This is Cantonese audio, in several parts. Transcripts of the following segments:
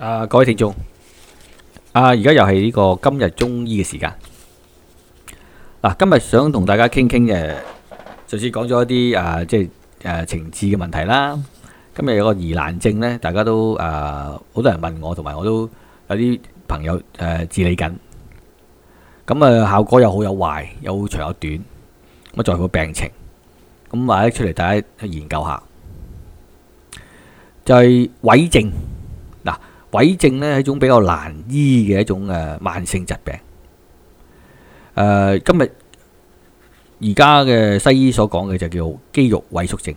啊，各位聽眾，啊，而家又係呢個今日中醫嘅時間。嗱、啊，今日想同大家傾傾嘅，上次講咗一啲啊，即係誒、啊、情志嘅問題啦。今日有個疑難症咧，大家都啊，好多人問我，同埋我都有啲朋友誒、啊、治理緊。咁啊，效果又好有壞，有好長有短。咁啊，在乎病情，咁啊，出嚟大家去研究下。就係、是、萎症。痿症呢係一種比較難醫嘅一種誒慢性疾病。誒今日而家嘅西醫所講嘅就叫肌肉萎縮症，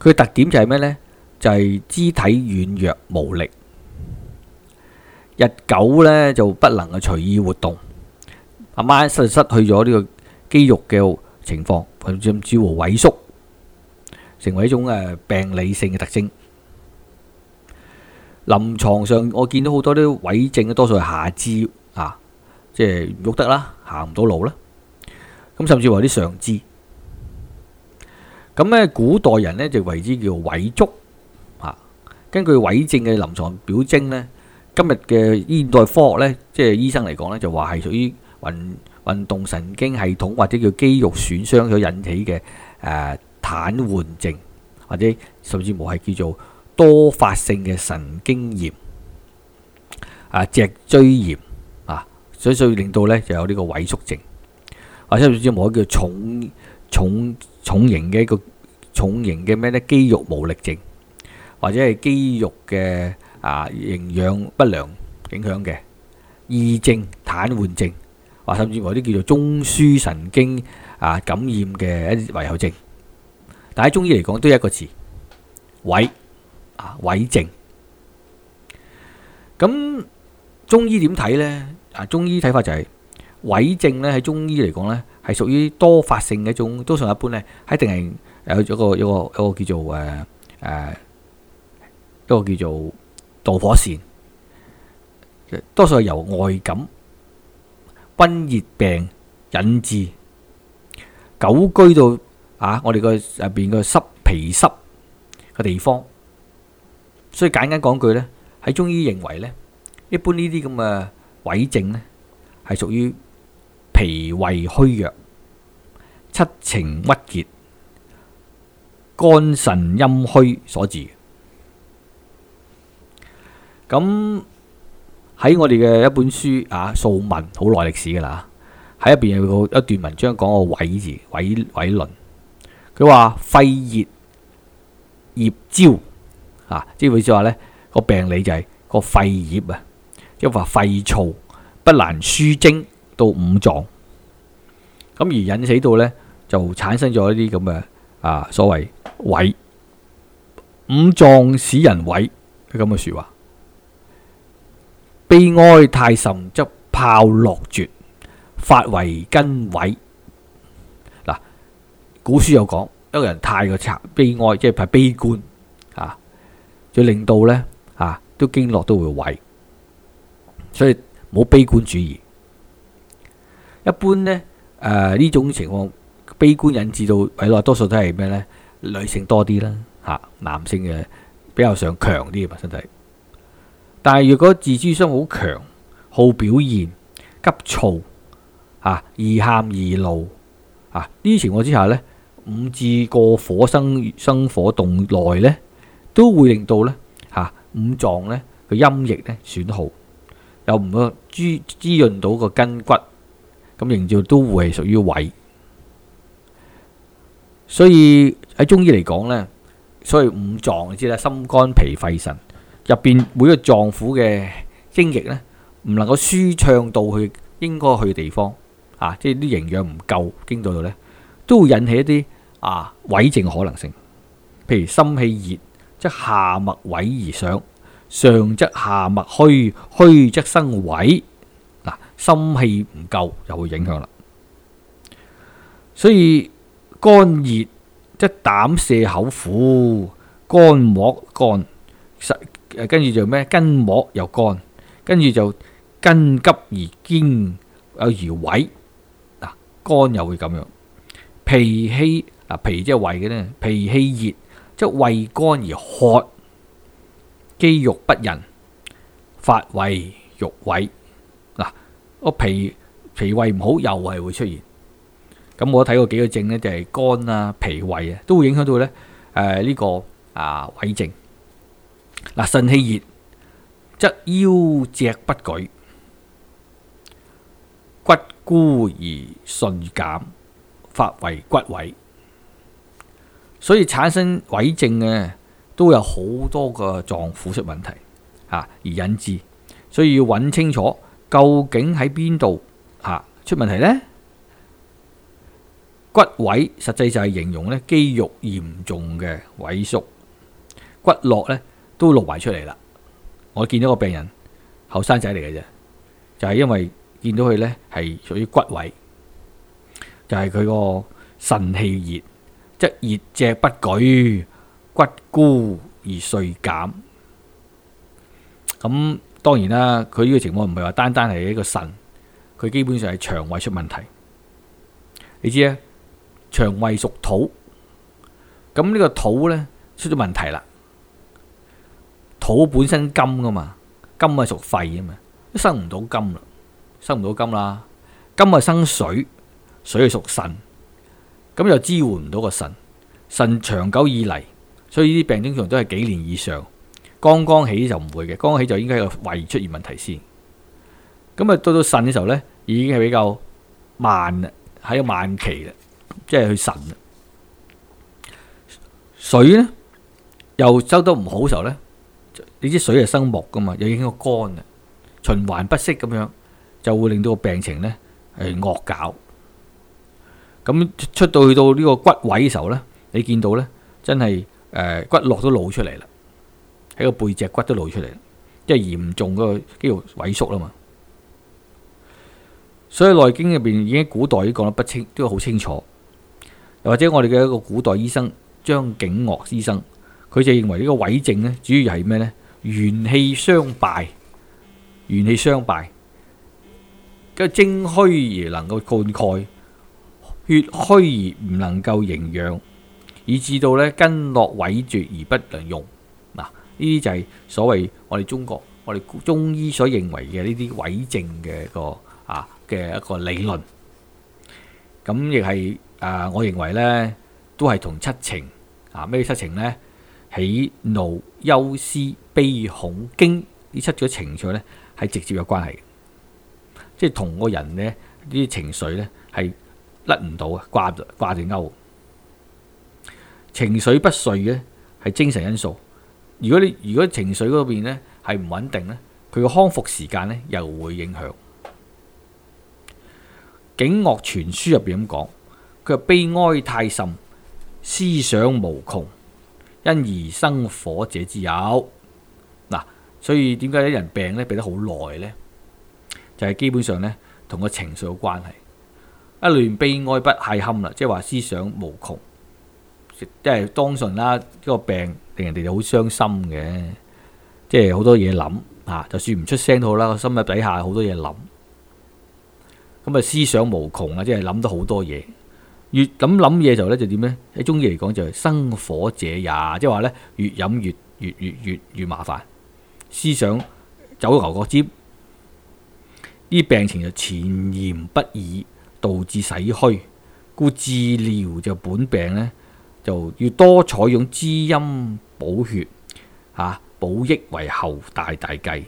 佢嘅特點就係咩呢？就係肢體軟弱無力，日久呢就不能嘅隨意活動。阿媽失失去咗呢個肌肉嘅情況，甚至乎萎縮，成為一種誒病理性嘅特徵。臨床上我見到好多啲痿症，多數係下肢啊，即係喐得啦，行唔到路啦。咁甚至話啲上肢。咁呢，古代人呢就為之叫痿足啊。根據痿症嘅臨床表徵呢，今日嘅現代科學呢，即係醫生嚟講呢，就話係屬於運運動神經系統或者叫肌肉損傷所引起嘅誒癱瘓症，或者甚至乎係叫做。多發性嘅神經炎啊，脊椎炎啊，所以所以令到咧就有呢個萎縮症，或、啊、者甚至乎有叫重重重型嘅一個重型嘅咩咧肌肉無力症，或者係肌肉嘅啊營養不良影響嘅異症、癱瘓症，或甚至乎啲叫做中樞神經啊感染嘅一啲遺後症。但喺中醫嚟講，都係一個詞萎。啊，痿症，咁中醫點睇咧？啊，中醫睇法就係痿症咧。喺中醫嚟講咧，係屬於多發性嘅一種，多數一般咧，一定係有一個、一個、一個叫做誒誒一個叫做導火線，多數係由外感溫熱病引致，久居到啊，我哋個入邊個濕皮濕嘅地方。所以簡單講句呢，喺中醫認為呢，一般呢啲咁嘅痿症呢，係屬於脾胃虛弱、七情鬱結、肝腎陰虛所致。咁喺我哋嘅一本書啊，《素問》好耐歷史噶啦，喺入邊有個一段文章講個痿字，痿痿論。佢話肺熱葉焦。嗱，即係話咧，個病理就係個肺葉啊，即係話肺燥不難輸精到五臟，咁而引起到咧就產生咗一啲咁嘅啊所謂痿五臟使人痿嘅咁嘅說話，悲哀太甚則炮落絕發為根痿。嗱，古書有講，一個人太過慘悲哀，即係怕悲觀。就令到咧，啊，都經絡都會毀，所以冇悲觀主義。一般咧，誒、呃、呢種情況悲觀引致到體內，多數都係咩咧？女性多啲啦，嚇、啊、男性嘅比較想強啲嘅身體。但係如果自知心好強、好表現、急躁、嚇易喊易怒、嚇、啊、呢啲情況之下咧，五至過火生生火動內咧。都會令到咧，嚇，五臟咧個陰液咧損耗，又唔會滋滋潤到個筋骨，咁營養都會係屬於痿。所以喺中醫嚟講咧，所謂五臟知啦，心肝脾肺腎入邊每個臟腑嘅精液咧，唔能夠舒暢到去應該去嘅地方啊，即係啲營養唔夠經到到咧，都會引起一啲啊痿症嘅可能性，譬如心氣熱。即下脈萎而上，上則下脈虛，虛則生痿。嗱，心氣唔夠就會影響啦。所以肝熱即膽瀉口苦，肝膜肝實，誒，跟住就咩筋膜又乾，跟住就筋急而堅，有而萎。嗱，肝又會咁樣。脾氣啊，脾即係胃嘅呢，脾氣熱。即係胃乾而渴，肌肉不仁，發為肉痿。嗱、啊，個脾脾胃唔好又係會出現。咁我睇過幾個症咧，就係、是、肝啊、脾胃啊，都會影響到咧。誒、呃、呢、這個啊，痿症。嗱、啊，腎氣熱，則腰脊不舉，骨枯而髓減，發為骨痿。所以產生痿症嘅，都有好多個臟腑出問題，嚇、啊、而引致，所以要揾清楚究竟喺邊度嚇出問題呢？骨痿實際就係形容呢肌肉嚴重嘅萎縮，骨骼呢都露埋出嚟啦。我見到個病人後生仔嚟嘅啫，就係、是、因為見到佢呢係屬於骨痿，就係佢個腎氣熱，則熱脊不舉，骨枯而髓減。咁當然啦，佢呢個情況唔係話單單係一個腎，佢基本上係腸胃出問題。你知啊，腸胃屬土，咁呢個土咧出咗問題啦。土本身金噶嘛，金係屬肺啊嘛，都生唔到金啦，生唔到金啦，金係生水，水係屬腎。咁就支援唔到個腎，腎長久以嚟，所以呢啲病症通常都係幾年以上。剛剛起就唔會嘅，剛剛起就應該係個胃出現問題先。咁啊，到到腎嘅時候咧，已經係比較慢啦，喺晚期啦，即係去腎啦。水咧又收得唔好嘅時候咧，你知水係生木噶嘛，又影響個肝啊，循環不息咁樣，就會令到個病情咧係惡搞。咁出到去到呢個骨位嘅時候咧，你見到咧，真係誒、呃、骨骼都露出嚟啦，喺個背脊骨都露出嚟，即係嚴重嗰個肌肉萎縮啦嘛。所以《內經》入邊已經古代已經講得不清，都好清楚。又或者我哋嘅一個古代醫生張景岳醫生，佢就認為個呢個萎症咧，主要係咩咧？元氣相敗，元氣相敗，跟精虛而能夠灌溉。血虛而唔能夠營養，以至到咧筋絡萎絕而不能用。嗱，呢啲就係所謂我哋中國、我哋中醫所認為嘅呢啲萎症嘅個啊嘅一個理論。咁亦係啊，我認為咧都係同七情啊，咩七情咧？喜怒憂思悲恐驚呢七種情緒咧係直接有關係。即係同個人咧呢啲情緒咧係。甩唔到啊，掛掛住勾。情緒不遂咧，係精神因素。如果你如果你情緒嗰邊咧係唔穩定咧，佢個康復時間咧又會影響。景岳全書入邊咁講，佢話悲哀太甚，思想無窮，因而生火者之有。嗱，所以點解啲人病咧病得好耐咧，就係基本上咧同個情緒有關係。一亂悲哀不懈堪啦，即係話思想無窮，即係當純啦。呢、這個病令人哋好傷心嘅，即係好多嘢諗啊，就算唔出聲都好啦。個心入底下好多嘢諗，咁、嗯、啊思想無窮啊，即係諗到好多嘢。越咁諗嘢就咧就點咧？喺中醫嚟講就係生火者也，即係話咧越飲越越越越越，越麻煩。思想走牛角尖，啲病情就前言不已。導致洗虛，故治療就本病咧，就要多採用滋陰補血，吓、啊、補益為後大大計。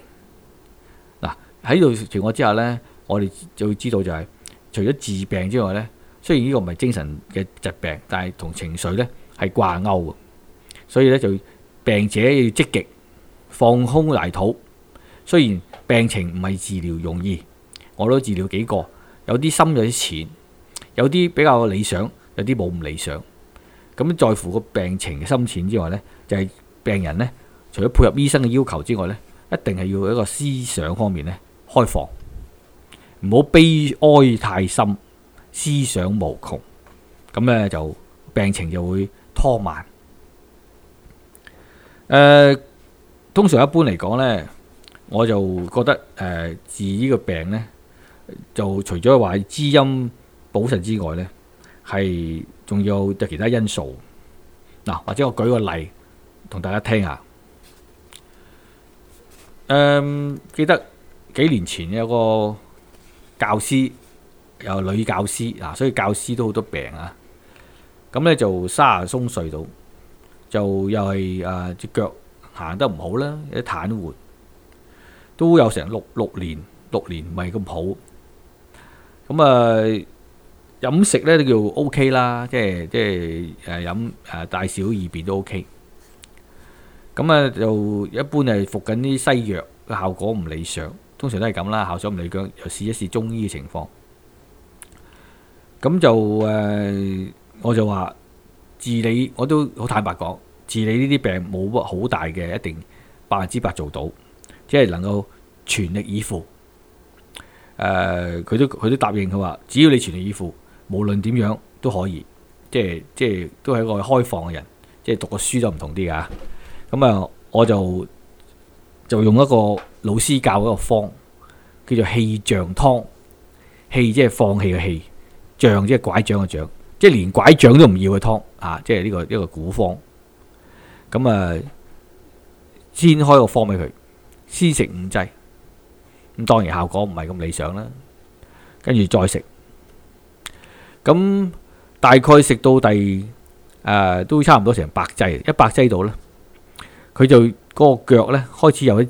嗱，喺度情我之下咧，我哋就會知道就係、是、除咗治病之外咧，雖然呢個唔係精神嘅疾病，但係同情緒咧係掛鈎嘅，所以咧就病者要積極放空泥土。雖然病情唔係治療容易，我都治療幾個。有啲深有啲淺，有啲比較理想，有啲冇咁理想。咁在乎個病情深淺之外呢，就係、是、病人呢，除咗配合醫生嘅要求之外呢，一定係要一個思想方面呢，開放，唔好悲哀太深，思想無窮，咁呢就病情就會拖慢。誒、呃，通常一般嚟講呢，我就覺得誒、呃、治呢個病呢。就除咗話滋陰補腎之外呢係仲有即其他因素。嗱，或者我舉個例同大家聽下。嗯，記得幾年前有個教師，有女教師嗱，所以教師都好多病啊。咁呢，就三十歲松睡到，就又係誒隻腳行得唔好啦，有啲癱瘓，都有成六六年六年，唔係咁好。咁啊，飲食咧都叫 OK 啦，即係即係誒飲誒大小二便都 OK。咁啊，就一般誒服緊啲西藥效果唔理想，通常都係咁啦，效果唔理想又試一試中醫嘅情況。咁就誒，呃，我就話治理我都好坦白講，治理呢啲病冇乜好大嘅一定百分之百做到，即係能夠全力以赴，誒，佢、呃、都佢都答應佢話，只要你全力以赴，無論點樣都可以，即係即係都係一個開放嘅人，即係讀個書就唔同啲噶。咁啊，我就就用一個老師教嗰個方，叫做棄杖湯。棄即係放棄嘅棄，杖即係拐杖嘅杖，即係連拐杖都唔要嘅湯啊！即係呢個一個古方。咁啊，先開個方俾佢，先食五劑。咁當然效果唔係咁理想啦，跟住再食，咁大概食到第誒、呃、都差唔多成百劑，一百劑度咧，佢就、個腳咧開始有啲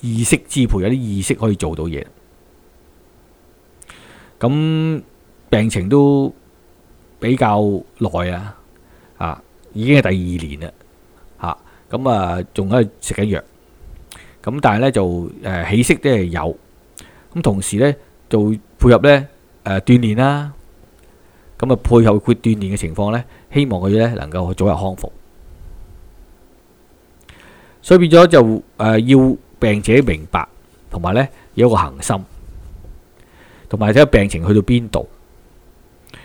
意識支配，有啲意識可以做到嘢。咁病情都比較耐啊，啊已經係第二年啦，嚇咁啊仲喺度食緊藥，咁但係咧就誒、呃、起色都係有。咁同時咧就會配合咧誒、呃、鍛鍊啦，咁、嗯、啊配合佢鍛鍊嘅情況咧，希望佢咧能夠去早日康復。所以變咗就誒、呃、要病者明白，同埋咧有，呢有一個恒心，同埋睇下病情去到邊度，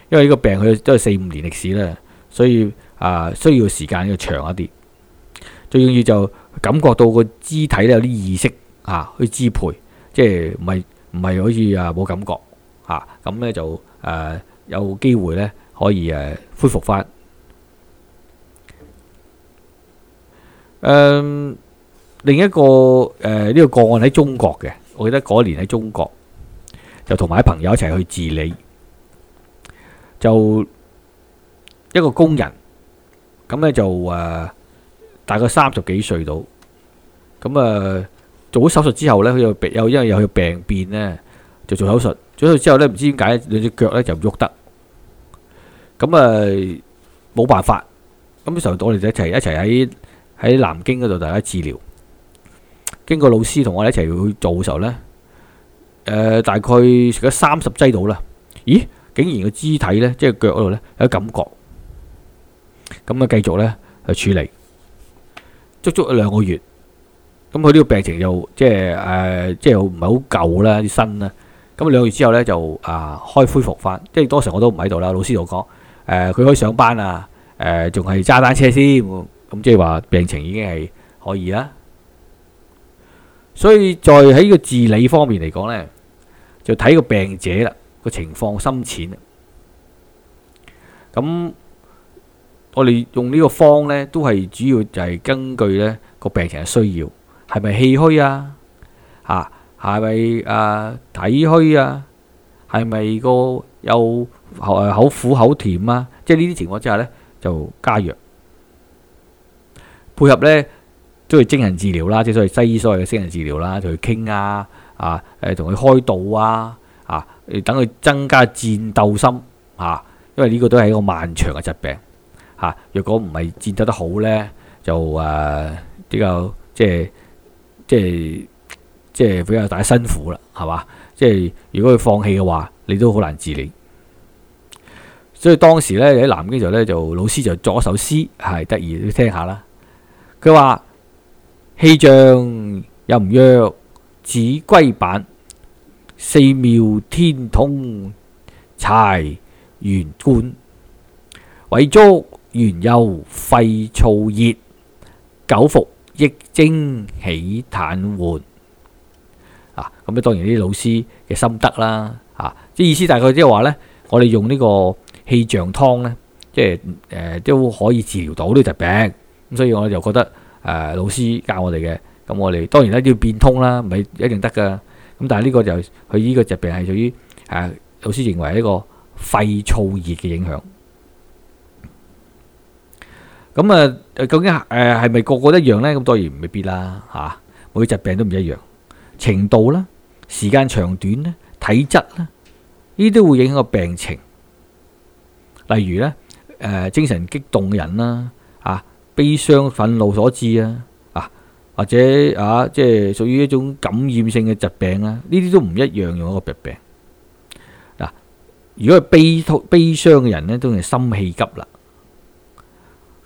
因為呢個病佢都係四五年歷史啦，所以啊、呃、需要時間要長一啲。最重要就感覺到個肢體咧有啲意識啊去支配，即係唔係？唔係好似啊冇感覺嚇，咁咧就誒有機會咧可以誒恢復翻。嗯，另一個誒呢個個案喺中國嘅，我記得嗰年喺中國就同埋啲朋友一齊去治理，就一個工人，咁咧就誒大概三十幾歲度，咁啊。做咗手術之後咧，佢又病，又因為有病變咧，就做手術。做咗手術之後咧，唔知點解兩隻腳咧就唔喐得。咁啊，冇、呃、辦法。咁時候我哋就一齊一齊喺喺南京嗰度大家治療。經過老師同我一齊去做嘅時候咧，誒、呃，大概食咗三十劑到啦。咦，竟然個肢體咧，即係腳嗰度咧，有感覺。咁啊，繼續咧去處理，足足兩個月。咁佢呢個病情就即係誒，即係唔係好舊啦，啲新啦。咁兩月之後呢，就、呃、啊，開恢復翻。即係當時我都唔喺度啦，老師就講誒，佢、呃、可以上班啊，誒、呃，仲係揸單車先。咁即係話病情已經係可以啦。所以，在喺呢個治理方面嚟講呢，就睇個病者啦個情況深淺。咁我哋用呢個方呢，都係主要就係根據呢個病情嘅需要。係咪氣虛啊？啊，係咪誒體虛啊？係咪個又誒口苦口甜啊？即係呢啲情況之下咧，就加藥，配合咧都係精神治療啦，即係所謂西醫所謂嘅精神治療啦，同佢傾啊，啊誒同佢開導啊，啊等佢增加戰鬥心啊，因為呢個都係一個漫長嘅疾病吓、啊，若果唔係戰鬥得好咧，就誒比較即係。即係即係比較大家辛苦啦，係嘛？即係如果佢放棄嘅話，你都好難治理。所以當時咧喺南京就咧，就老師就作咗首詩，係得意，你聽下啦。佢話氣象又唔弱，子規版，四妙天通柴元冠，委足元右肺燥熱久服。益精起痰緩啊！咁咧當然啲老師嘅心得啦啊，即係意思大概即係話呢，我哋用呢個氣象湯呢，即係誒、呃、都可以治療到呢個疾病。咁所以我就覺得誒、呃、老師教我哋嘅，咁我哋當然咧都要變通啦，唔係一定得㗎。咁但係呢個就佢呢個疾病係屬於誒、啊、老師認為呢個肺燥熱嘅影響。咁啊，究竟誒係咪個個都一樣呢？咁當然未必啦，嚇。每個疾病都唔一樣，程度啦、時間長短呢，體質咧，呢啲會影響個病情。例如呢，誒精神激動嘅人啦，啊悲傷憤怒所致啊，啊或者啊即係屬於一種感染性嘅疾病啦，呢啲都唔一樣用一個疾病。嗱，如果係悲悲傷嘅人呢，都係心氣急啦。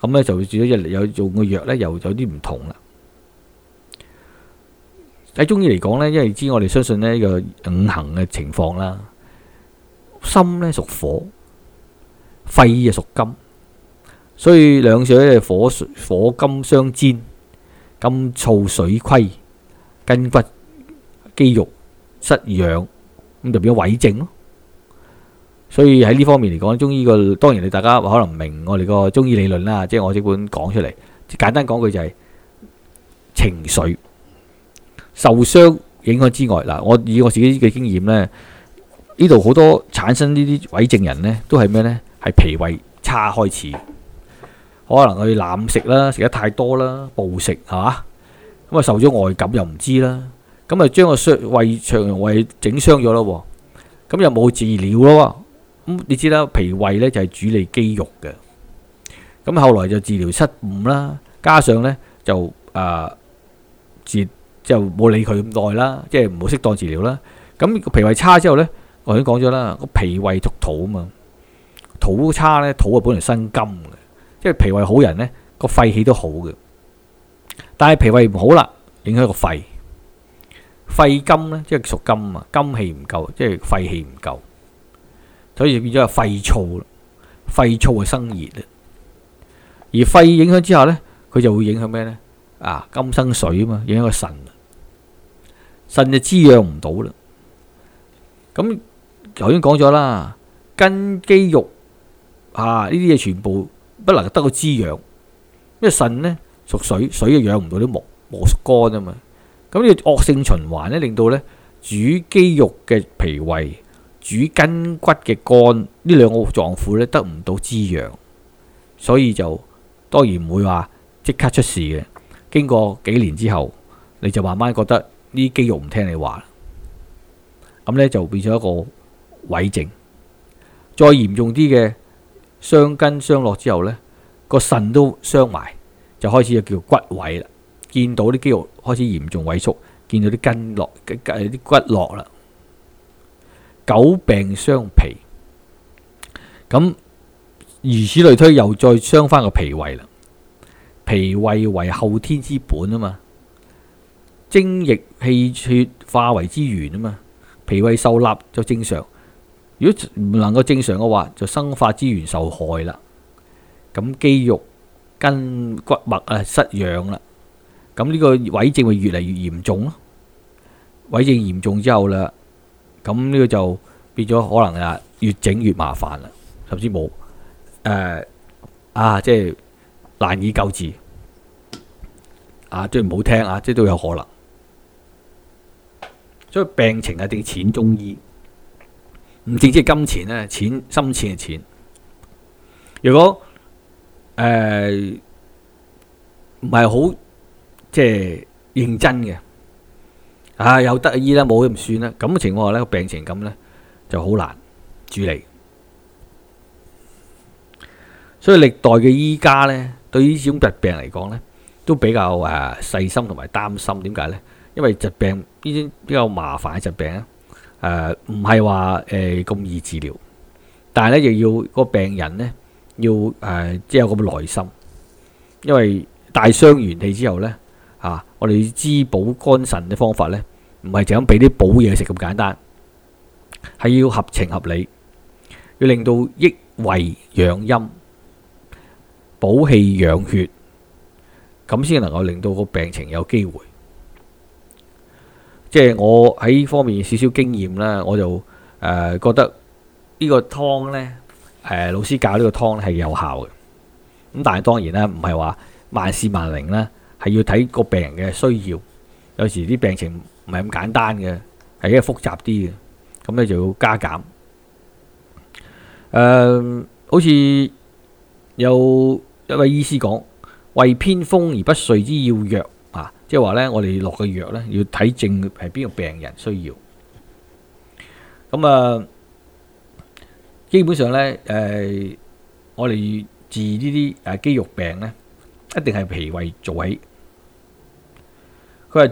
咁咧就會煮咗一日有用嘅藥咧，又有啲唔同啦。喺中醫嚟講咧，因為知我哋相信呢個五行嘅情況啦，心咧屬火，肺就屬金，所以兩者咧，火火金相煎，金燥水虧，筋骨肌肉失養，咁就變咗萎症咯。所以喺呢方面嚟講，中醫個當然你大家可能唔明我哋個中醫理論啦。即係我這本講出嚟，簡單講句就係、是、情緒受傷影響之外嗱。我以我自己嘅經驗呢，呢度好多產生呢啲痿症人呢，都係咩呢？係脾胃差開始，可能佢濫食啦，食得太多啦，暴食係嘛咁啊，受咗外感又唔知啦，咁啊將個胃腸胃整傷咗啦，咁又冇治療咯。咁你知啦，脾胃咧就係主理肌肉嘅，咁後來就治療失誤啦，加上咧就啊、呃、治就冇理佢咁耐啦，即係唔好適當治療啦。咁、個、脾胃差之後咧，我已經講咗啦，個脾胃屬土啊嘛，土差咧土啊本來生金嘅，即係脾胃好人咧個肺氣都好嘅，但係脾胃唔好啦，影響個肺，肺金咧即係屬金啊，金氣唔夠，即係肺氣唔夠。所以就變咗係肺燥啦，肺燥係生熱啊，而肺影響之下咧，佢就會影響咩咧？啊，金生水啊嘛，影響個腎啦，腎就滋養唔到啦。咁頭先講咗啦，筋肌肉啊呢啲嘢，全部不能得到滋養，因為腎咧屬水，水就養唔到啲木，木屬肝啊嘛。咁呢惡性循環咧，令到咧主肌肉嘅脾胃，主筋骨嘅肝呢兩個臟腑咧得唔到滋養，所以就當然唔會話即刻出事嘅。經過幾年之後，你就慢慢覺得呢啲肌肉唔聽你話，咁咧就變咗一個萎症。再嚴重啲嘅傷筋傷落之後咧，個腎都傷埋，就開始就叫骨萎啦。見到啲肌肉開始嚴重萎縮，見到啲筋落，啲骨落啦。久病傷脾，咁如此類推，又再傷翻個脾胃啦。脾胃為後天之本啊嘛，精液氣血化為之源啊嘛。脾胃受納就正常，如果唔能夠正常嘅話，就生化之源受害啦。咁肌肉、筋骨脈啊失養啦，咁、這個、呢個痿症會越嚟越嚴重咯。痿症嚴重之後啦。咁呢個就變咗可能啊，越整越麻煩啦，甚至冇誒、呃、啊，即係難以救治啊，即係唔好聽啊，即係都有可能。所以病情係啲淺中醫，唔止即係金錢咧，淺深淺嘅淺。如果誒唔係好即係認真嘅。啊，有得醫啦，冇都唔算啦。咁嘅情況下咧，個病情咁咧就好難處理。所以歷代嘅醫家咧，對於呢種疾病嚟講咧，都比較誒細心同埋擔心。點解咧？因為疾病呢啲比較麻煩嘅疾病咧，誒唔係話誒咁易治療，但係咧又要個病人咧要誒即係有咁耐心，因為大傷元氣之後咧，啊，我哋要滋補肝腎嘅方法咧。唔係就咁俾啲補嘢食咁簡單，係要合情合理，要令到益胃養陰、補氣養血，咁先能夠令到個病情有機會。即係我喺呢方面少少經驗啦，我就誒覺得呢個湯呢，誒老師教呢個湯係有效嘅。咁但係當然啦，唔係話萬事萬靈啦，係要睇個病人嘅需要，有時啲病情。唔係咁簡單嘅，係一複雜啲嘅，咁咧就要加減。誒、呃，好似有一位醫師講：為偏風而不遂之要藥，啊，即係話咧，我哋落嘅藥咧，要睇症係邊個病人需要。咁、嗯、啊，基本上咧，誒、呃，我哋治呢啲誒肌肉病咧，一定係脾胃做起。佢係。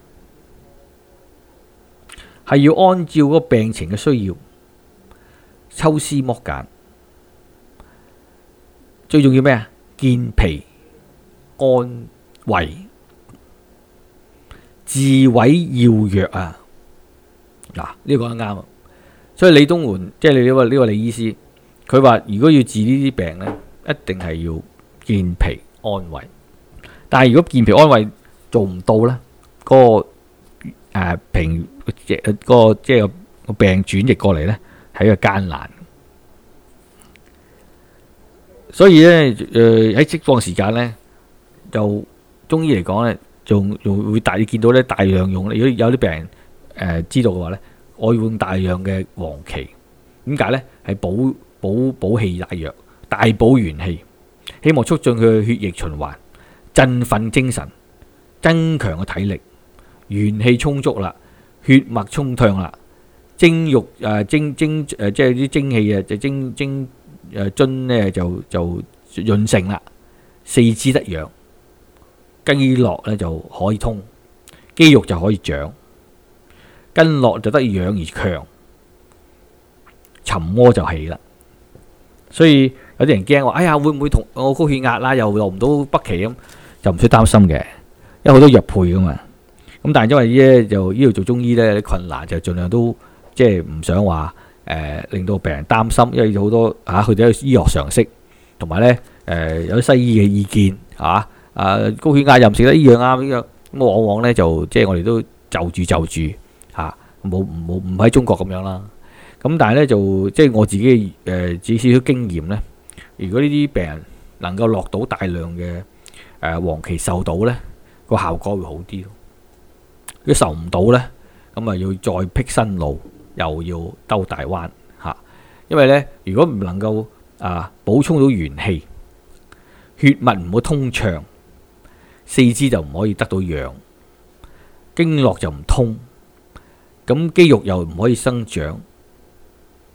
係要按照嗰個病情嘅需要抽絲剝繭，最重要咩啊？健脾安胃治痿要藥啊！嗱，呢個講得啱啊。所以李東垣即係呢個呢個李醫師，佢話如果要治呢啲病咧，一定係要健脾安胃。但係如果健脾安胃做唔到咧，嗰個誒、啊、平。即個即係個病轉移過嚟咧，係一個艱難。所以咧，誒喺釋放時間咧，就中醫嚟講咧，仲仲會大你見到咧大量用。如果有啲病人誒知道嘅話咧，外換大量嘅黃芪，點解咧？係補補補氣大藥，大補元氣，希望促進佢嘅血液循環，振奮精神，增強嘅體力，元氣充足啦。血脈充暢啦，精肉誒精精誒即係啲精氣啊，就精精誒津咧就就潤成啦，四肢得養，筋絡咧就可以通，肌肉就可以長，筋絡就得養而強，沉疴就起啦。所以有啲人驚話：哎呀，會唔會同我高血壓啦，又落唔到北芪咁，就唔使擔心嘅，因為好多藥配噶嘛。咁但係因為咧，就呢度做中醫咧有啲困難，就儘量都即係唔想話誒、呃、令到病人擔心，因為有好多嚇佢哋有醫學常識，同埋咧誒有啲、呃、西醫嘅意見嚇啊，啊，高血壓任食得呢樣啊，呢樣咁，往往咧就即係我哋都就住就住嚇，冇唔冇唔喺中國咁樣啦。咁、啊、但係咧就即係我自己誒、呃、少少經驗咧，如果呢啲病人能夠落到大量嘅誒黃芪受到咧，個效果會好啲。佢受唔到咧，咁啊要再辟新路，又要兜大彎吓。因為咧，如果唔能夠啊補充到元氣，血脈唔好通暢，四肢就唔可以得到養，經絡就唔通，咁肌肉又唔可以生長，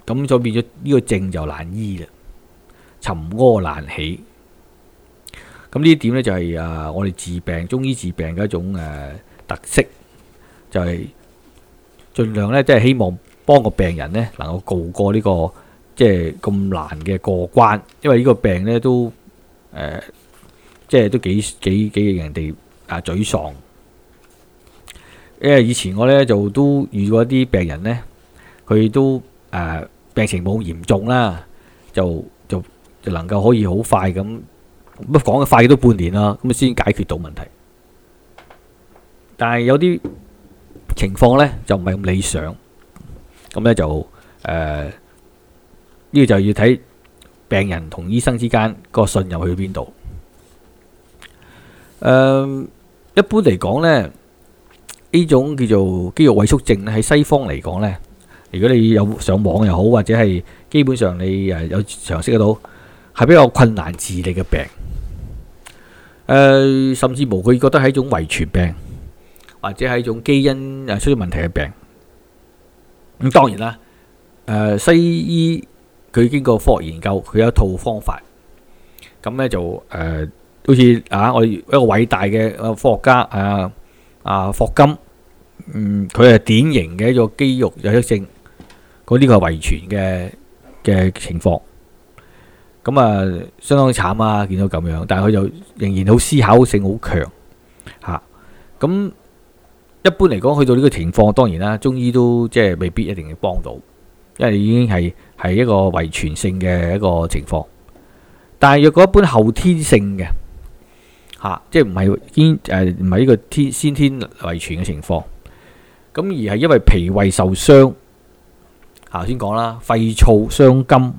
咁就變咗呢個症就難醫啦。沉疴難起，咁呢一點咧就係啊我哋治病中醫治病嘅一種誒特色。就係、是、盡量咧，即係希望幫個病人咧，能夠渡過呢、這個即係咁難嘅過關。因為呢個病咧都誒，即係都幾幾幾令人哋啊沮喪。因為以前我咧就都遇過一啲病人咧，佢都誒、呃、病情冇咁嚴重啦，就就就能夠可以好快咁乜講啊，快都半年啦，咁啊先解決到問題。但係有啲。情況呢就唔係咁理想，咁呢就誒呢、呃呢個就要睇病人同醫生之間個信任去邊度。誒、呃、一般嚟講呢，呢種叫做肌肉萎縮症喺西方嚟講呢，如果你有上網又好，或者係基本上你誒有常識嘅到，係比較困難治理嘅病。誒、呃、甚至乎佢覺得係一種遺傳病。或者係一種基因誒出咗問題嘅病。咁當然啦，誒西醫佢經過科學研究，佢有一套方法。咁咧就誒、呃，好似啊，我一個偉大嘅科學家啊啊霍金，嗯，佢係典型嘅一個肌肉萎縮症。嗰、這、呢個係遺傳嘅嘅情況。咁啊，相當慘啊，見到咁樣，但係佢就仍然好思考性好強嚇。咁、啊一般嚟講，去到呢個情況，當然啦，中醫都即係未必一定要幫到，因為已經係係一個遺傳性嘅一個情況。但係若果一般後天性嘅吓、啊，即係唔係兼誒唔係呢個天先天遺傳嘅情況，咁而係因為脾胃受傷吓、啊，先講啦，肺燥傷金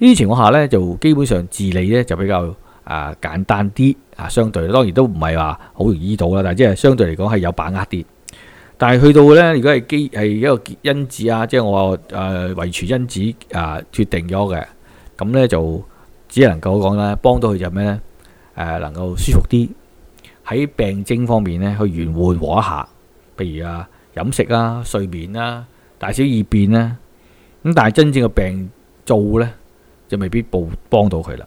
呢啲情況下咧，就基本上治理咧就比較。啊，簡單啲啊，相對當然都唔係話好容易醫到啦，但係即係相對嚟講係有把握啲。但係去到咧，如果係基係一個因子啊，即、就、係、是、我誒、呃、維持因子啊決定咗嘅，咁咧就只能夠講咧，幫到佢就咩咧？誒、啊、能夠舒服啲，喺病徵方面咧去緩緩和，和一下，譬如啊飲食啊、睡眠啦、啊、大小二便咧，咁但係真正嘅病灶咧就未必幫幫到佢啦。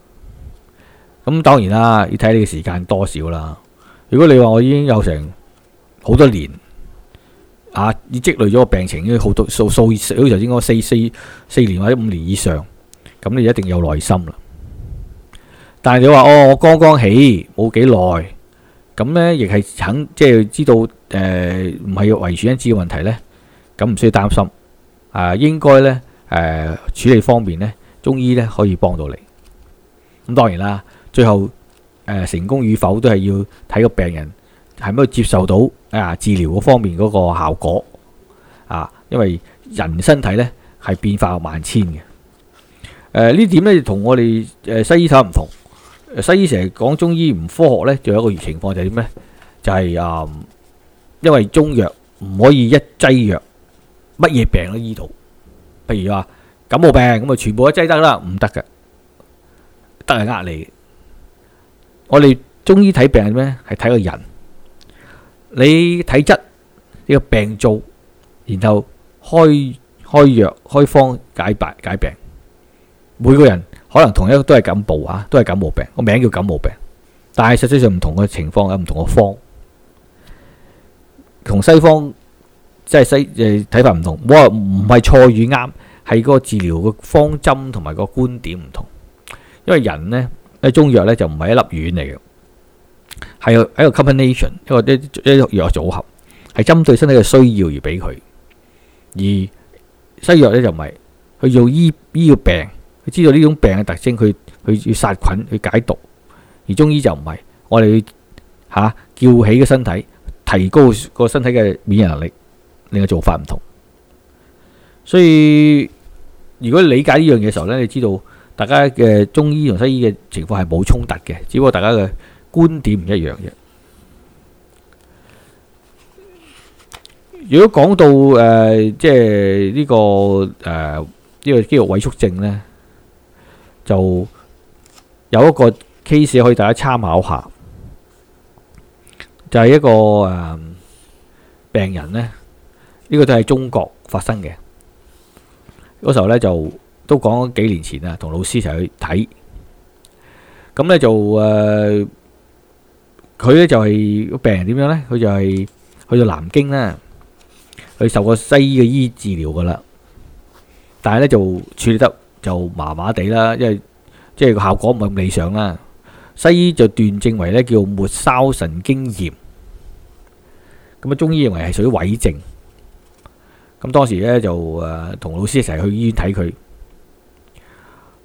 咁當然啦，要睇你嘅時間多少啦。如果你話我已經有成好多年啊，已積累咗個病情，已經好多數數好似就應該四四四年或者五年以上，咁你一定有耐心啦。但係你話哦，我剛剛起冇幾耐，咁呢亦係肯即係、就是、知道誒，唔係遺傳因子嘅問題呢，咁唔需要擔心啊。應該呢誒、呃、處理方面呢，中醫呢可以幫到你。咁當然啦。最後，誒、呃、成功與否都係要睇個病人係咪接受到啊治療嗰方面嗰個效果啊，因為人身體咧係變化萬千嘅。誒、呃、呢點咧同我哋誒、呃、西醫睇唔同。西醫成日講中醫唔科學咧，仲有一個情況就係點咧？就係、是、啊、呃，因為中藥唔可以一劑藥乜嘢病都醫到。譬如話感冒病咁啊，就全部一劑得啦，唔得嘅，得係呃你。我哋中醫睇病咩？係睇個人，你體質呢個病灶，然後開開藥開方解白解病。每個人可能同一個都係感冒啊，都係感冒病，個名叫感冒病，但係實際上唔同嘅情況有唔同嘅方，同西方即係、就是、西誒睇、呃、法唔同。我話唔係錯與啱，係個治療嘅方針同埋個觀點唔同，因為人呢。一中藥咧就唔係一粒丸嚟嘅，係一個 combination，一個啲一藥組合，係針對身體嘅需要而俾佢。而西藥咧就唔係，佢要醫醫個病，佢知道呢種病嘅特徵，佢佢要殺菌、去解毒。而中醫就唔係，我哋吓叫起個身體，提高個身體嘅免疫能力，令個做法唔同。所以如果理解呢樣嘢嘅時候咧，你知道。大家嘅中醫同西醫嘅情況係冇衝突嘅，只不過大家嘅觀點唔一樣嘅。如果講到誒、呃，即係呢、這個誒呢、呃這個肌肉萎縮症呢，就有一個 case 可以大家參考下，就係、是、一個誒、呃、病人呢、呢、這個都係中國發生嘅，嗰時候呢，就。都講幾年前啊，同老師一齊去睇，咁咧就誒，佢、呃、咧就係、是、病人點樣咧？佢就係、是、去到南京咧，去受過西醫嘅醫治療噶啦，但係咧就處理得就麻麻地啦，因為即係個效果唔係咁理想啦。西醫就斷定為斷證為咧叫末梢神經炎，咁啊中醫認為係屬於痿症。咁當時咧就誒同老師一齊去醫院睇佢。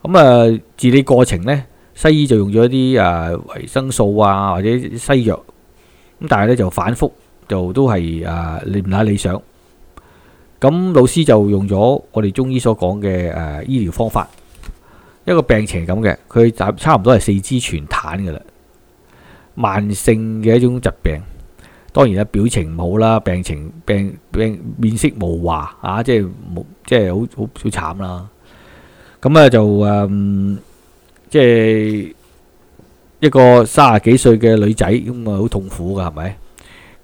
咁啊，治理過程呢，西醫就用咗啲誒維生素啊，或者西藥，咁但係咧就反覆就都係你唔太理想。咁、嗯、老師就用咗我哋中醫所講嘅誒、啊、醫療方法，一個病情咁嘅，佢就差唔多係四肢全癱㗎喇，慢性嘅一種疾病。當然啦，表情唔好啦，病情病病面色無華啊，即係冇即係好好好慘啦。咁咧就誒、嗯，即係一個三十幾歲嘅女仔，咁啊好痛苦噶，係咪？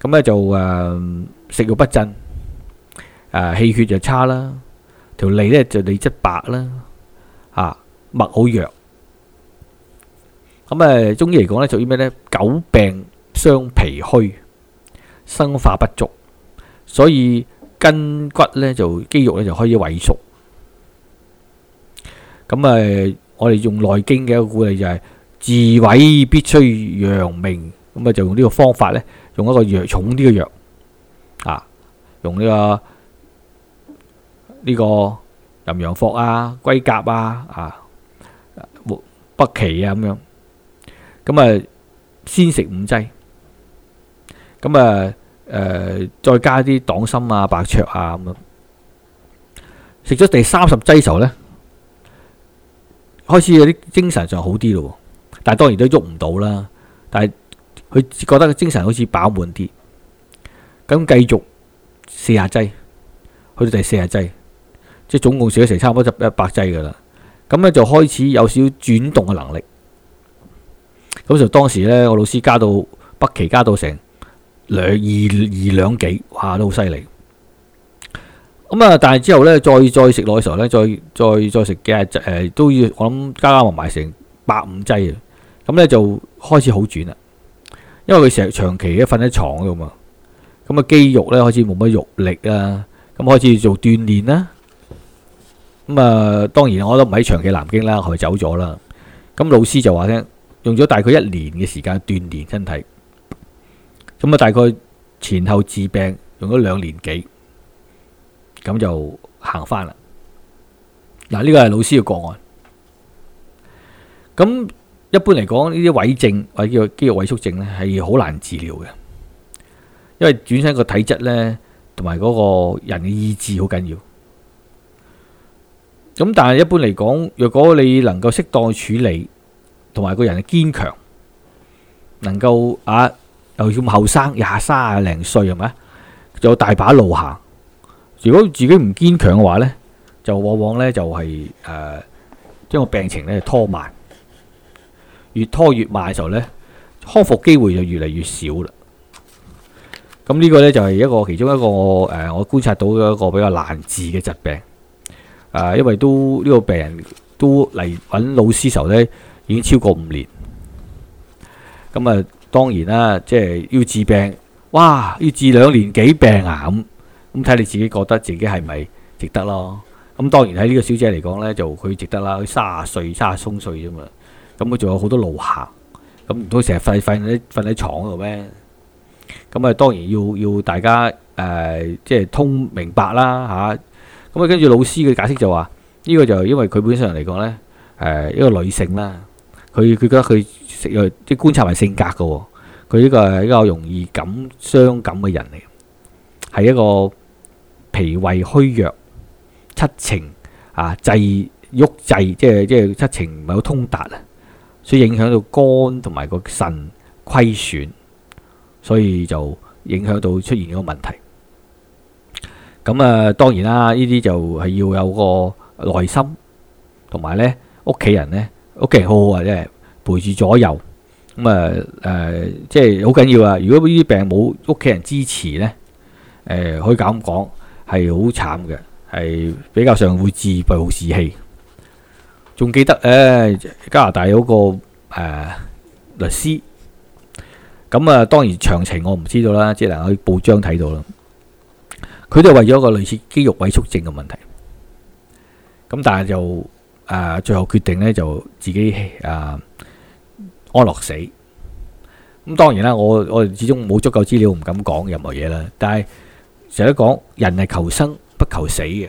咁咧就誒、嗯，食慾不振，誒、啊、氣血就差啦，條脷咧就脷質白啦，吓、啊、脈好弱。咁誒中醫嚟講咧屬於咩咧？久、就是、病傷脾虛，生化不足，所以筋骨咧就肌肉咧就開始萎縮。咁誒，我哋用《內經》嘅一個鼓勵就係自毀，必須揚明。咁啊，就用呢個方法咧，用一個藥重啲嘅藥啊，用呢個呢個淫羊藿啊、龜甲啊啊、北北芪啊咁樣。咁啊，先食五劑，咁啊誒，再加啲黨參啊、白芍啊咁樣，食咗第三十劑時候咧。開始有啲精神上好啲咯，但係當然都喐唔到啦。但係佢覺得個精神好似飽滿啲，咁繼續四廿劑，去到第四廿劑，即係總共寫咗成差唔多一一百劑㗎啦。咁咧就開始有少少轉動嘅能力。咁就當時咧，我老師加到北芪加到成兩二二兩幾，哇，都好犀利！咁啊！但係之後咧，再再食藥嘅時候咧，再再再食幾日誒、呃，都要我諗加加埋埋成百五劑啊！咁咧就開始好轉啦，因為佢成日長期瞓喺床度嘛，咁啊肌肉咧開始冇乜肉力啦，咁開始做鍛煉啦。咁啊、呃，當然我都唔喺長期南京啦，佢走咗啦。咁老師就話咧，用咗大概一年嘅時間鍛煉身體，咁啊大概前後治病用咗兩年幾。咁就行翻啦。嗱，呢個係老師嘅個案。咁一般嚟講，呢啲萎症或者叫肌肉萎縮症咧，係好難治療嘅，因為轉身個體質咧，同埋嗰個人嘅意志好緊要。咁但係一般嚟講，若果你能夠適當處理，同埋個人嘅堅強，能夠啊又咁後生廿三廿零歲係咪？仲有大把路行。如果自己唔堅強嘅話呢，就往往呢就係、是、誒，將、呃、個病情咧拖慢，越拖越慢嘅時候呢，康復機會就越嚟越少啦。咁、嗯、呢、這個呢，就係一個其中一個誒、呃，我觀察到嘅一個比較難治嘅疾病。誒、呃，因為都呢、這個病人都嚟揾老師時候呢已經超過五年。咁、嗯、啊、嗯，當然啦，即係要治病，哇，要治兩年幾病啊咁。咁睇你自己覺得自己係咪值得咯？咁當然喺呢個小姐嚟講呢，就佢值得啦。佢三十歲三十歲啫嘛。咁佢仲有好多路行，咁唔通成日瞓瞓喺瞓喺牀度咩？咁啊當然要要大家誒、呃、即係通明白啦嚇。咁啊跟住老師嘅解釋就話：呢、這個就因為佢本身嚟講呢，誒、呃、一個女性啦，佢佢覺得佢食即係觀察埋性格㗎喎。佢呢個係比較容易感傷感嘅人嚟，係一個。脾胃虛弱、七情啊、制鬱滯，即係即係七情唔係好通達啊，所以影響到肝同埋個腎虧損，所以就影響到出現咗個問題。咁啊，當然啦，呢啲就係要有個耐心，同埋咧屋企人咧，屋企人好好啊，即係陪住左右。咁啊誒，即係好緊要啊！如果呢啲病冇屋企人支持咧，誒、呃、可以咁講。係好慘嘅，係比較上會自暴自棄。仲記得誒、呃，加拿大嗰、那個誒、呃、律師，咁、呃、啊，當然詳情我唔知道啦，即只能喺報章睇到啦。佢就為咗個類似肌肉萎縮症嘅問題，咁但係就誒、呃，最後決定咧就自己誒、呃、安樂死。咁、呃、當然啦，我我哋始終冇足夠資料，唔敢講任何嘢啦，但係。成日都講，人係求生不求死嘅。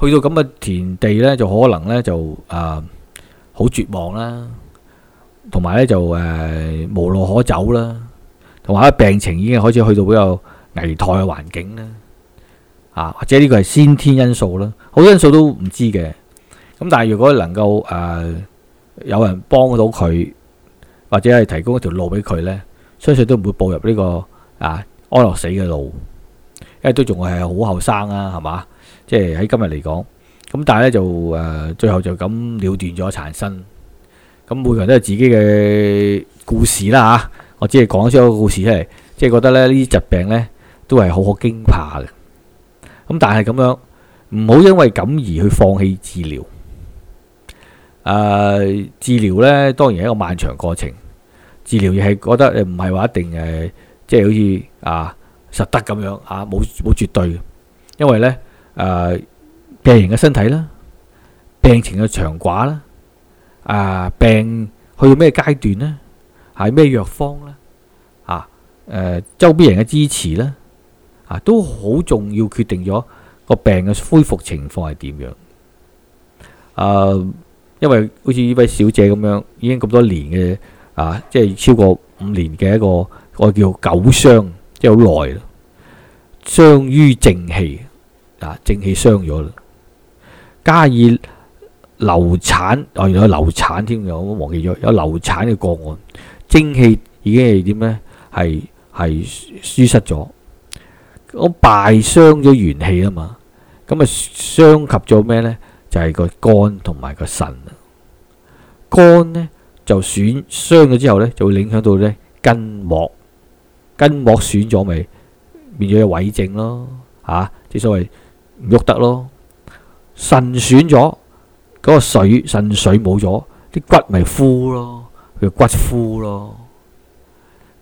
去到咁嘅田地咧，就可能咧就誒好、呃、絕望啦，同埋咧就誒、呃、無路可走啦，同埋咧病情已經開始去到比較危殆嘅環境啦。啊，或者呢個係先天因素啦，好多因素都唔知嘅。咁但係如果能夠誒、呃、有人幫到佢，或者係提供一條路俾佢咧，相信都唔會步入呢個啊安樂死嘅路。因為都仲係好後生啊，係嘛？即係喺今日嚟講，咁但係咧就誒、呃，最後就咁了斷咗殘生。咁每個人都有自己嘅故事啦吓、啊，我只係講咗一個故事出嚟，即、就、係、是、覺得咧呢啲疾病咧都係好好驚怕嘅。咁但係咁樣，唔好因為咁而去放棄治療。誒、呃，治療咧當然係一個漫長過程，治療亦係覺得唔係話一定誒，即、就、係、是、好似啊。實得咁樣嚇，冇、啊、冇絕對，因為咧誒、呃，病人嘅身體啦，病情嘅長寡啦，誒、啊、病去到咩階段咧，係咩藥方咧，嚇、啊、誒周邊人嘅支持啦，啊都好重要，決定咗個病嘅恢復情況係點樣。誒、啊，因為好似呢位小姐咁樣已經咁多年嘅啊，即係超過五年嘅一個我叫狗傷。即係好耐，傷於正氣啊！正氣傷咗啦，加以流產，哦，原來有流產添，我忘記咗有流產嘅個案，正氣已經係點咧？係係輸失咗，我敗傷咗元氣啊嘛。咁啊，傷及咗咩咧？就係個肝同埋個腎啊。肝咧就損傷咗之後咧，就會影響到咧筋膜。筋膜損咗咪變咗有萎症咯，嚇，即係所謂唔喐得咯。腎損咗嗰個水，腎水冇咗，啲骨咪枯咯，叫骨枯咯。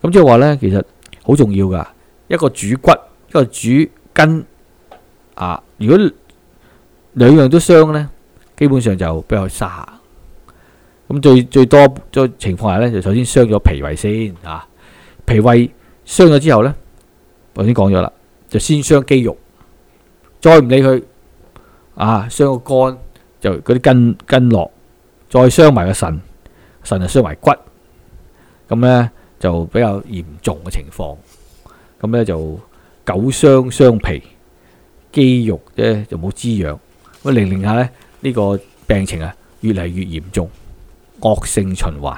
咁即係話咧，其實好重要噶，一個主骨，一個主筋啊。如果兩樣都傷咧，基本上就比較沙。咁最最多即係情況下咧，就首先傷咗脾胃先嚇，脾胃。傷咗之後咧，我先講咗啦，就先傷肌肉，再唔理佢，啊傷個肝就嗰啲筋筋絡，再傷埋個腎，腎就傷埋骨，咁咧就比較嚴重嘅情況，咁咧就九傷傷脾，肌肉咧就冇滋養，咁零零下咧呢個病情啊越嚟越嚴重，惡性循環。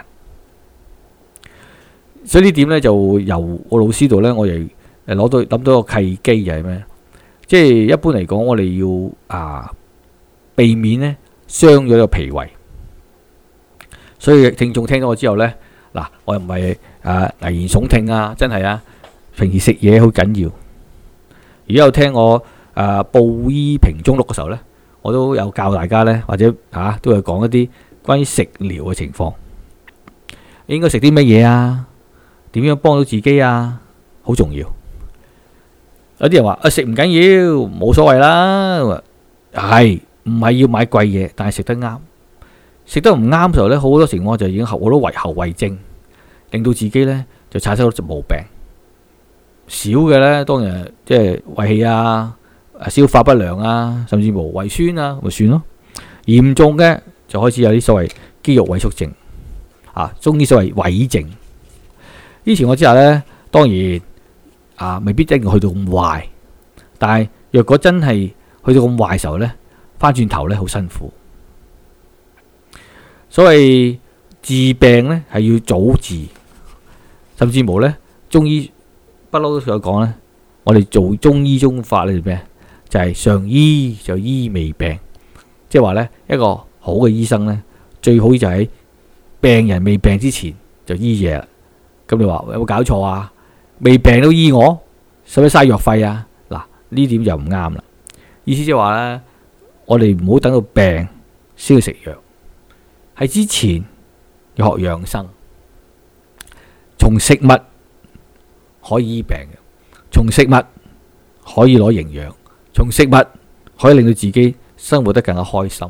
所以點呢，點咧，就由我老師度咧，我哋誒攞到諗到個契機係咩？即係一般嚟講，我哋要啊避免呢傷咗個脾胃。所以聽眾聽咗我之後咧，嗱，我又唔係誒危言聳聽啊，真係啊，平時食嘢好緊要。而家有聽我誒、啊、布衣平中碌嘅時候咧，我都有教大家咧，或者嚇、啊、都係講一啲關於食療嘅情況，應該食啲乜嘢啊？點樣幫到自己啊？好重要。有啲人話啊，食唔緊要，冇所謂啦。係，唔係要買貴嘢，但係食得啱。食得唔啱嘅時候咧，好多情況就已經好多胃後遺症，令到自己咧就產生咗疾病。少嘅咧，當然即係胃氣啊、消化不良啊，甚至無胃酸啊，咪算咯。嚴重嘅就開始有啲所謂肌肉萎縮症，啊，中醫所謂痿症。之前我之下咧，當然啊，未必真係去到咁壞。但係若果真係去到咁壞嘅時候咧，翻轉頭咧，好辛苦。所謂治病咧，係要早治，甚至乎咧，中醫不嬲都所講咧，我哋做中醫中法咧就咩？就係上醫就醫未病，即係話咧，一個好嘅醫生咧，最好就喺病人未病之前就醫嘢啦。咁你話有冇搞錯啊？未病都醫我，使唔使嘥藥費啊？嗱，呢點就唔啱啦。意思即係話咧，我哋唔好等到病先去食藥，喺之前要學養生，從食物可以醫病嘅，從食物可以攞營養，從食物可以令到自己生活得更加開心。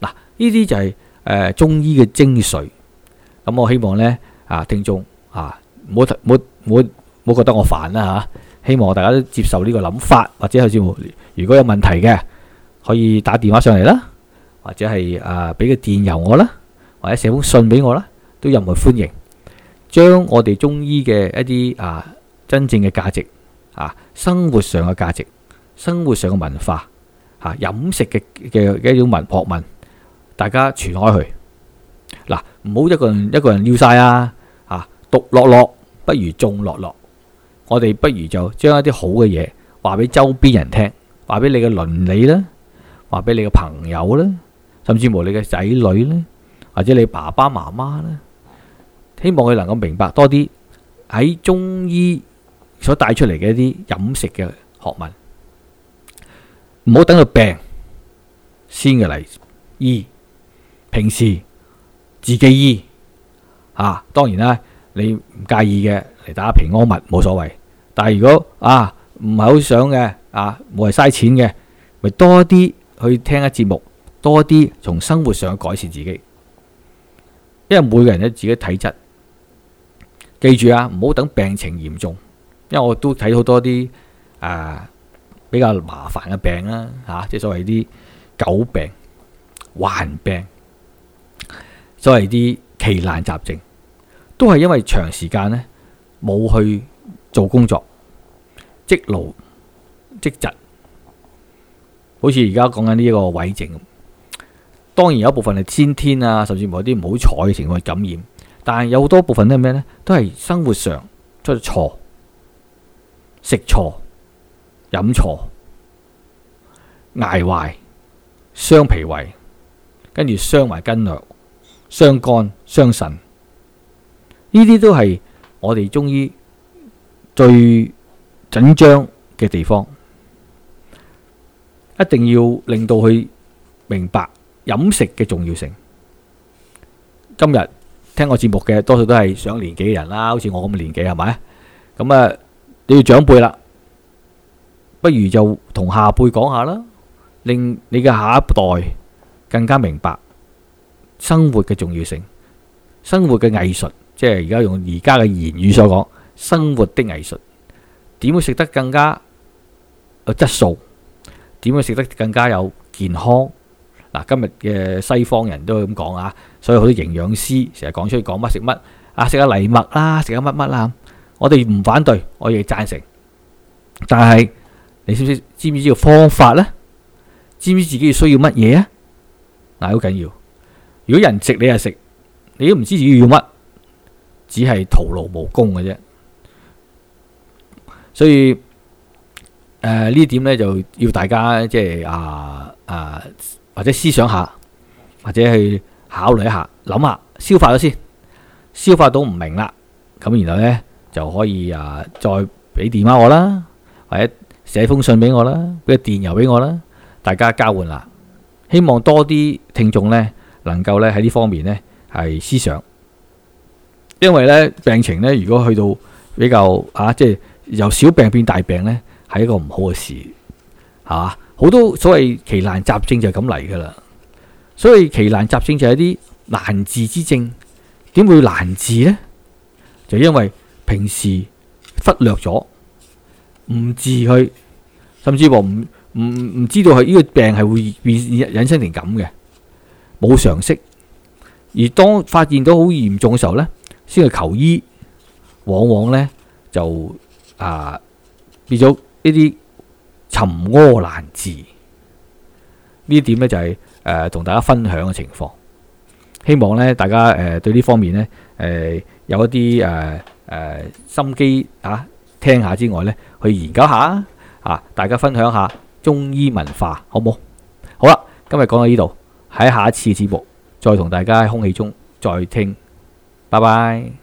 嗱，呢啲就係、是、誒、呃、中醫嘅精髓。咁、嗯、我希望咧啊聽眾。啊！唔好冇冇，覺得我煩啦吓。希望大家都接受呢個諗法，或者好似如果有問題嘅，可以打電話上嚟啦，或者係誒俾個電郵我啦，或者寫封信俾我啦，都任何歡迎。將我哋中醫嘅一啲啊真正嘅價值啊，生活上嘅價值，生活上嘅文化吓，飲食嘅嘅一種文學問，大家傳開去嗱，唔好一個人一個人要晒啊！獨樂樂不如眾樂樂。我哋不如就將一啲好嘅嘢話俾周邊人聽，話俾你嘅鄰里啦，話俾你嘅朋友啦，甚至乎你嘅仔女啦，或者你爸爸媽媽啦。希望佢能夠明白多啲喺中醫所帶出嚟嘅一啲飲食嘅學問，唔好等到病先嘅嚟醫，平時自己醫啊。當然啦。你唔介意嘅嚟打平安物冇所謂，但係如果啊唔係好想嘅啊，冇謂嘥錢嘅，咪多啲去聽下節目，多啲從生活上改善自己。因為每個人都自己體質，記住啊，唔好等病情嚴重。因為我都睇好多啲誒、啊、比較麻煩嘅病啦、啊、吓、啊，即係所謂啲狗病、患病，所謂啲奇難雜症。都係因為長時間呢冇去做工作，積勞積疾，好似而家講緊呢一個痿症。當然有一部分係先天啊，甚至乎有啲唔好彩嘅情況感染，但係有好多部分都係咩呢？都係生活上出咗錯、食錯、飲錯、捱壞，傷脾胃，跟住傷埋筋絡，傷肝、傷腎。呢啲都係我哋中醫最緊張嘅地方，一定要令到佢明白飲食嘅重要性。今日聽我節目嘅多數都係上年紀嘅人啦，好似我咁嘅年紀係咪？咁啊，你要長輩啦，不如就同下輩講下啦，令你嘅下一代更加明白生活嘅重要性，生活嘅藝術。即係而家用而家嘅言語所講，生活的藝術點會食得更加有質素？點會食得更加有健康？嗱、啊，今日嘅西方人都會咁講啊，所以好多營養師成日講出去講乜食乜啊，食下藜麥啦，食下乜乜啦。我哋唔反對，我亦贊成，但係你知唔知知唔知道方法咧？知唔知自己要需要乜嘢啊？嗱，好緊要。如果人食你就食，你都唔知自己要乜？只係徒勞無功嘅啫，所以誒、呃、呢點咧就要大家即係啊啊或者思想下，或者去考慮一下，諗下消化咗先，消化到唔明啦，咁然後咧就可以啊、呃、再俾電話我啦，或者寫封信俾我啦，俾電郵俾我啦，大家交換啦，希望多啲聽眾咧能夠咧喺呢方面咧係思想。因為咧病情咧，如果去到比較啊，即係由小病變大病咧，係一個唔好嘅事，係嘛？好多所謂奇難雜症就係咁嚟噶啦，所以奇難雜症就係啲難治之症，點會難治咧？就因為平時忽略咗，唔治佢，甚至乎唔唔唔知道佢呢個病係會變引引生成咁嘅，冇常識，而當發現到好嚴重嘅時候咧。先去求醫，往往呢就啊變咗一啲沉屙難治。呢點呢就係誒同大家分享嘅情況。希望呢大家誒、呃、對呢方面呢誒、呃、有一啲誒誒心機啊聽下之外呢去研究下啊，大家分享下中醫文化，好冇？好啦，今日講到呢度，喺下一次節目再同大家喺空氣中再聽。拜拜。